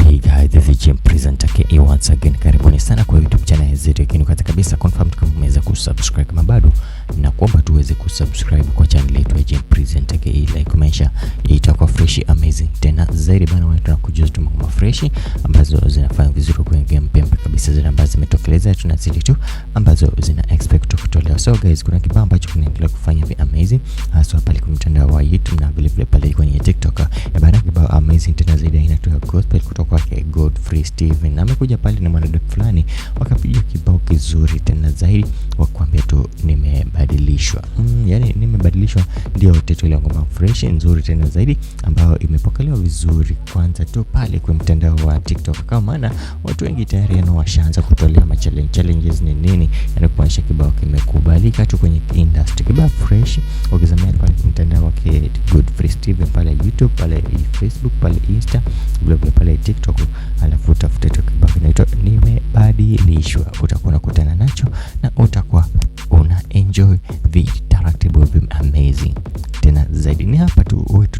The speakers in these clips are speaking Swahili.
Okay guys, this is Jim Presenter KE once again. Karibuni sana kwa YouTube channel yetu. Ikinikata kabisa confirm kama umeweza kusubscribe kama bado na kuomba tuweze kusubscribe kwa channel yetu ya Jim Presenter KE like umesha. Itakuwa fresh amazing tena zaidi bana wewe tunakujuza tu mambo fresh ambazo zinafanya vizuri kwenye game pembe kabisa zile ambazo zimetokeleza tunazidi tu ambazo zina expect kutolewa. So guys, kuna kibao ambacho kinaendelea kufanya hizi haswa pale kwenye mtandao wa YouTube na vile vile pale kwenye TikTok. Ya bana kibao amazing tena zaidi aina tu ya gospel kutoka kwake Godfrey Steven. Amekuja pale na mwanadada fulani wakapiga kibao kizuri tena zaidi wa kuambia tu nimebadilishwa. Mm, yani nimebadilishwa ndio tetu ile ngoma fresh nzuri tena zaidi ambayo imepokelewa vizuri kwanza tu pale kwenye mtandao wa TikTok. Kama maana watu wengi tayari washaanza kutolea ma challenge challenges ni nini? Yaani kuonyesha kibao kimekuwa kadhalika tu kwenye industry. Kibaa fresh ukizamia pale mtandao wake Godfrey Steven pale YouTube, pale Facebook, pale Insta, vile pale TikTok, alafu utafute tu kibao kinaitwa Nimebadilishwa, utakuwa unakutana nacho na utakuwa una enjoy vitaratibu taratibu amazing tena zaidi. Ni hapa tu wetu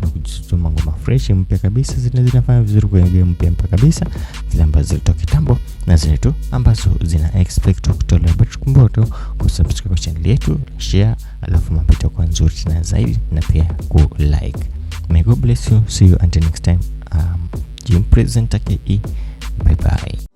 fresh mpya kabisa, zile zinafanya vizuri kwenye game mpya mpya kabisa, zile ambazo zilitoka kitambo na zile tu ambazo zina expect kutolewa. But kumboto tu kusubscribe channel yetu, share, alafu mapito kwa nzuri na zaidi, na pia ku like. May God bless you, see you until next time. Um, Jim Presenter KE, bye bye.